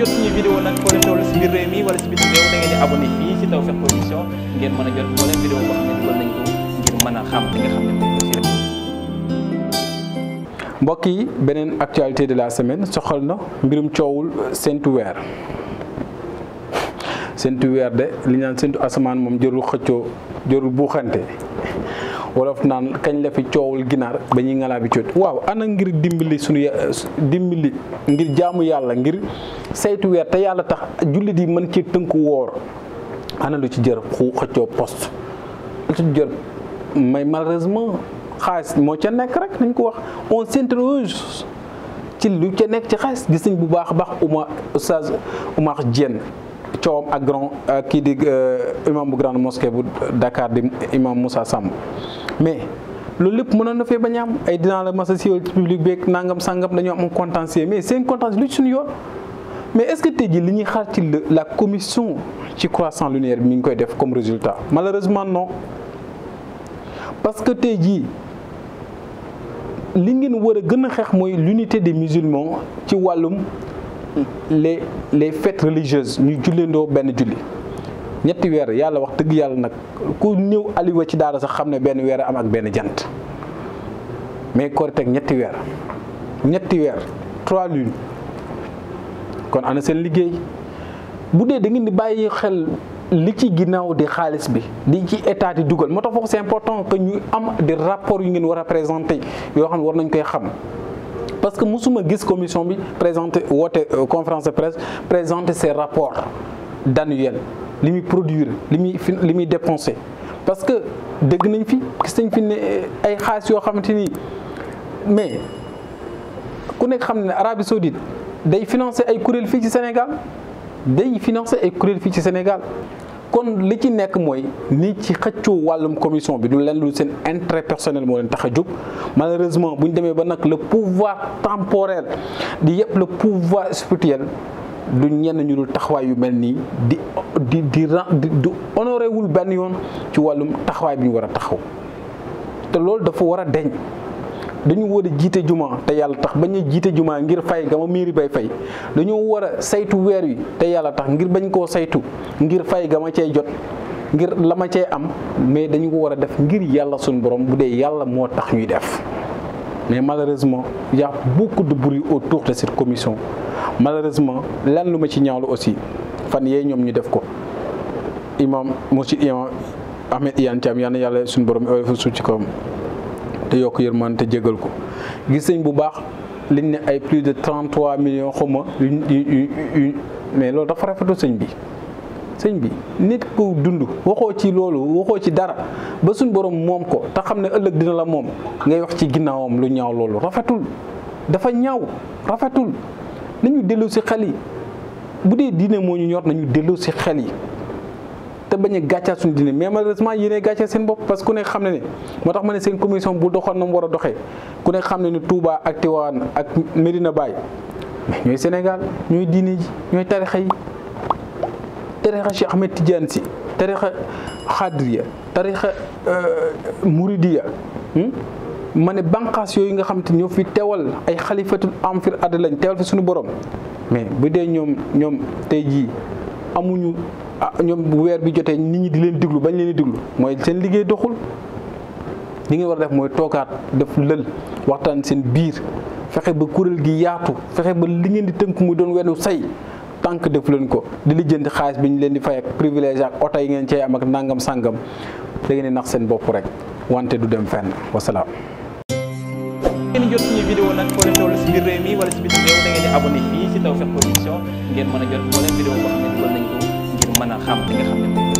jot nii vidéo nag a jot moo leen vidéo mën a xam mbokk yi beneen actualité de la semaine soxal na mbirum coowul seentu weer seentu weer de li naan seentu asamaan moom jërul xëccoo jërul buuxante wolof naan kañ la fi coowul ginaar ba ñuy ngalaa bi coot waaw ana ngir dimbali suñu dimbali ngir jaamu yàlla ngir saytu weer te yàlla tax jullit yi mën ci tënku woor ana lu ci jër xu xëccoo post lu ci jër mais malheureusement xaalis moo ca nekk rek nañ ko wax on s'interroge ci lu ca nekk ci xaalis gis nañ bu baax a baax Oumar Oustaz Oumar Diène coowam ak grand euh, kii di euh, imam bu grande mosquée bu Dakar di imam Moussa Samb mais loolu lépp mënoon na fee bañ am ay dinaa la mas a siiwal ci public beeg nangam sangam dañoo am un contentieux mais seen contentieux lu ci suñu yoon mais est-ce que tey jii li ñuy xaar ci la commission ci croissant lunaire bi mi ngi koy def comme résultat malheureusement non parce que tey jii li ngeen war a gën a xeex mooy l'unité des musulmans ci wàllum les les fêtes religieuses ñu julleendoo benn julli ñetti weer yàlla wax dëgg yàlla nag ku ñëw aliwa ci daara sax xam ne benn weer am ak benn jant mais Korite ak ñetti weer ñetti weer trois lunes kon ana seen liggéey bu dee da ngeen di bàyyi xel li ci ginnaaw di xaalis bi di ci état di dugal moo tax foofu c'est important que ñu am des rapports yu ngeen war a présenter yoo xam ne war nañ koy xam parce que musuma gis commission bi présenter woote euh, conférence de presse présenter ses rapports d'annuel li muy produire li muy li muy dépenser parce que dégg nañ fi gis nañ fi ne euh, ay xaalis yoo xamante ni mais ku nekk xam ne Arabie Saoudite day financer ay kuréel fii ci Sénégal day financer ay kuréel fii ci Sénégal kon li ci nekk mooy ni ci xëccu wàllum commission bi du leen lu seen intérêt personnel moo leen taxa a jóg malheureusement bu ñu demee ba nag la pouvoir temporel di yëpp le pouvoir spirituel du ñenn ñu dul taxawaay yu mel nii di di di di honoré wul benn yoon ci wàllum taxawaay bi ñu war a taxaw te loolu dafa war a deñ dañu war a jiite juma te yàlla tax bañ a jiite juma ngir fay ga ma mairie bay fay dañoo war a saytu weer wi te yàlla tax ngir bañ koo saytu ngir fay ga ma cay jot ngir la ma cay am mais dañu war a def ngir yàlla suñu borom bu dee yàlla moo tax ñuy def mais malheureusement y a beaucoup de bruit autour de cette commission malheureusement lan lu ma ci ñaawlu aussi fan yee ñoom ñu def ko imam mosid imam Ahmed Iyane Thiam yal na yàlla suñu borom oyof suuf ci kawam te yokk yërmande te jégal ko gis nañ bu baax liñ ne ay plus de 33 millions xaw ma mais loolu dafa rafetu sëñ bi sëñ bi nit ko dund waxoo ci loolu waxoo ci dara ba suñ borom moom ko te xam ne ëllëg dina la moom ngay wax ci ginnaawam lu ñaaw loolu rafetul dafa ñaaw rafetul nañu dellu si xel yi bu dee diine moo ñu ñor nañu dellu si xel yi te bañ a gàccaat suñu diine mais malheureusement yéenay gàccaat seen bopp parce que ku ne xam ne ne moo tax ma ne seen commission bu doxoon na mu war a doxee ku ne xam ne ni Touba ak Tiwaan ak Medina Baye mais ñooy Sénégal ñooy diine ji ñooy tarixa yi tarixa Cheikh Ahmed Tidiane si tarixa Xadriya tarixa euh, Mouridiya hmm? ma ne bànqaas yooyu nga xam te ñoo fi teewal ay xalifatul am fir add lañ teewal fi suñu borom mais bu dee ñoom ñoom tey jii amuñu ah ñoom bu weer bi jotee nit ñi di leen diglu bañ leen di diglu mooy seen liggéey doxul li ngeen war a def mooy toogaat def lël waxtaan seen biir fexe ba kuréel gi yaatu fexe ba li ngeen di tënk mu doon wenu say tank def leen ko di jënd xaalis bi ñu leen di fay ak privilège ak oto yi ngeen cee am ak nangam sàngam da ngeen di nax seen bopp rek wante du dem fenn wasalaam. ngeen mën a jot mën a xam nga xam ne